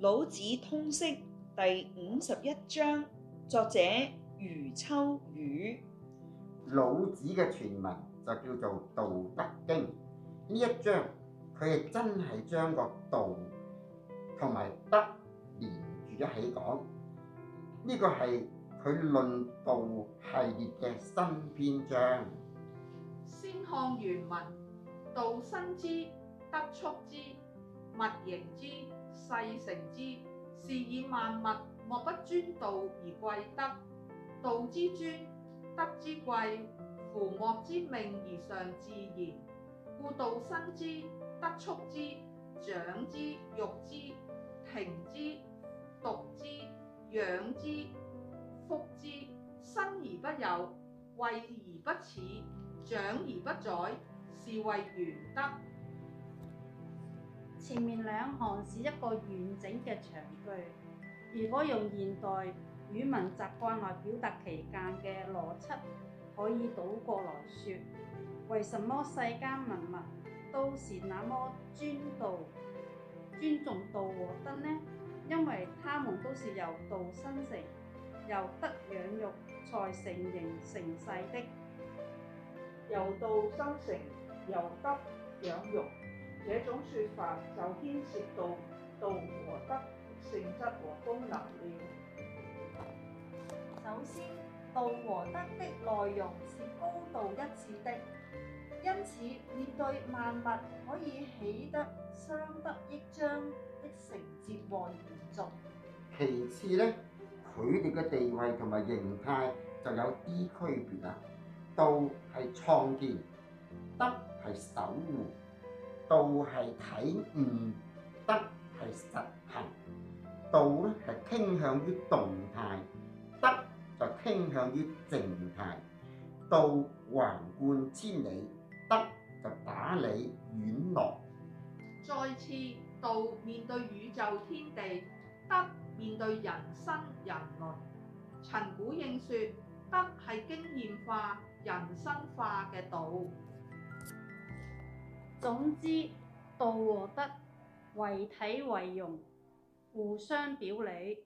老子通釋第五十一章，作者余秋雨。老子嘅全文就叫做《道德經》。呢一章佢係真係將個道同埋德連住一起講。呢個係佢論道系列嘅新篇章。先看原文：道生之，德畜之。物形之，勢成之，是以萬物莫不尊道而貴德。道之尊，德之貴，夫莫之命而常自然。故道生之，德畜之，長之，育之，亭之，毒之，養之，覆之。生而不有，為而不恃，長而不宰，是謂玄德。前面兩行是一個完整嘅長句，如果用現代語文習慣來表達期間嘅邏輯，可以倒過來說：為什麼世間文物都是那麼尊道、尊重道和德呢？因為他們都是由道生成，由德養育才成形成勢的。由道生成，由德養育。這種說法就牽涉到道和德、性質和功能了。首先，道和德的內容是高度一致的，因此面對萬物可以起得相得益彰的承接和延續。其次咧，佢哋嘅地位同埋形態就有啲區別啦。道係創建，德係得守護。道係體悟，德係實行。道咧係傾向於動態，德就傾向於靜態。道橫貫千里，德就打理遠落。再次，道面對宇宙天地，德面對人生人類。陳古應説：德係經驗化、人生化嘅道。總之，道和德為體為用，互相表裡，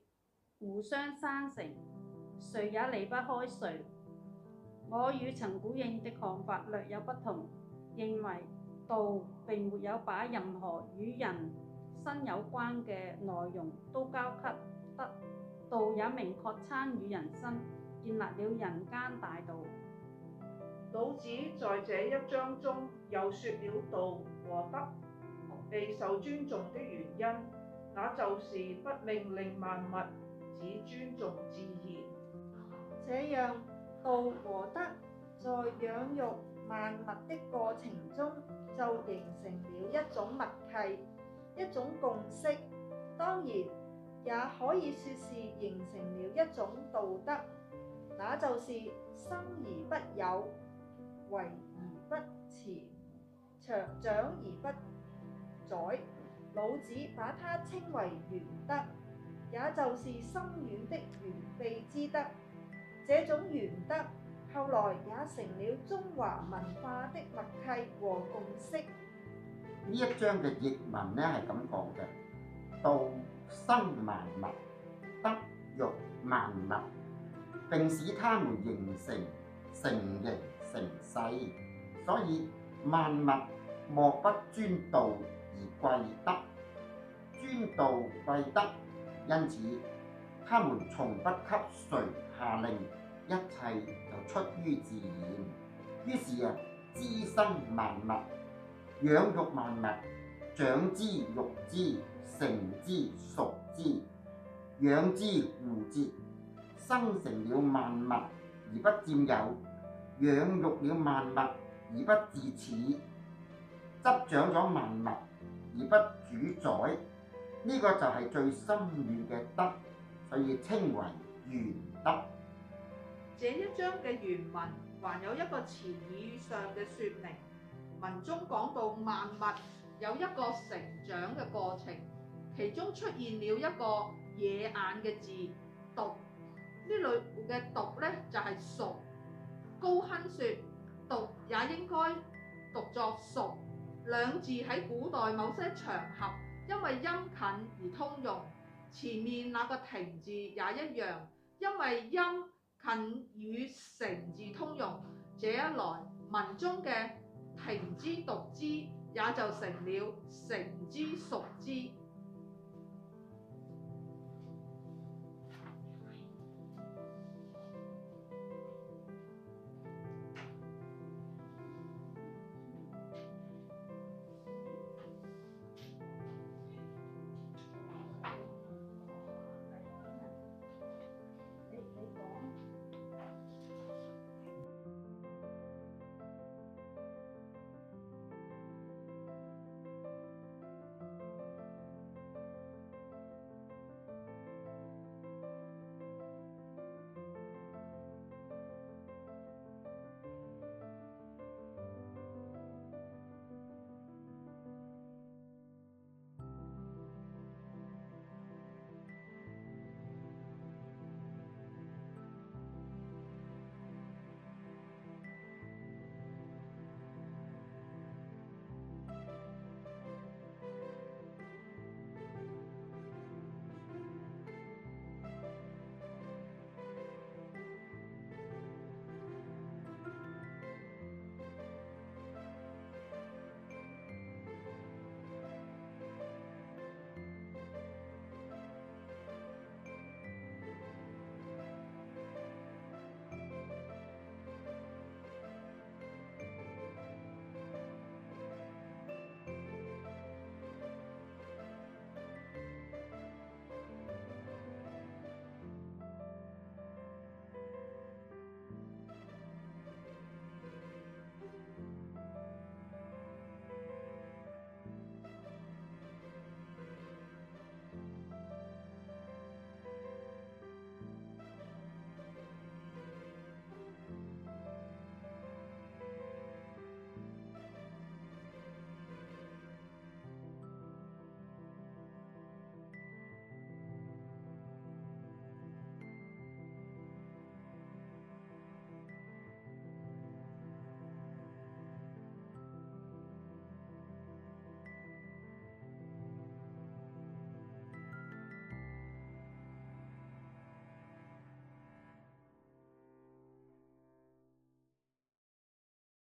互相生成，誰也離不開誰。我與陳古應的看法略有不同，認為道並沒有把任何與人生有關嘅內容都交給德，道也明確參與人生，建立了人間大道。老子在這一章中又說了道和德備受尊重的原因，那就是不命令萬物，只尊重自然。這樣，道和德在養育萬物的過程中就形成了一種默契，一種共識。當然，也可以說是形成了一種道德，那就是生而不有。為而不恃，長長而不宰。老子把它稱為玄德，也就是深遠的玄秘之德。這種玄德後來也成了中華文化的默契和共識。呢一章嘅譯文呢係咁講嘅：道生萬物，德育萬物，並使他們形成成形。成世，所以萬物莫不尊道而貴德，尊道貴德，因此他們從不給誰下令，一切就出於自然。於是啊，滋生萬物，養育萬物，長之育之，成之熟之，養之護之，生成了萬物而不佔有。養育了萬物而不自恃，執掌咗萬物而不主宰，呢、這個就係最深遠嘅德，所以稱為玄德。這一章嘅原文還有一個詞語上嘅說明，文中講到萬物有一個成長嘅過程，其中出現了一個野眼嘅字，毒呢類嘅毒呢就係、是、熟。高亨說：讀也應該讀作熟，兩字喺古代某些場合，因為音近而通用。前面那個停字也一樣，因為音近與成字通用，這一來，文中嘅停之讀之也就成了成之熟之。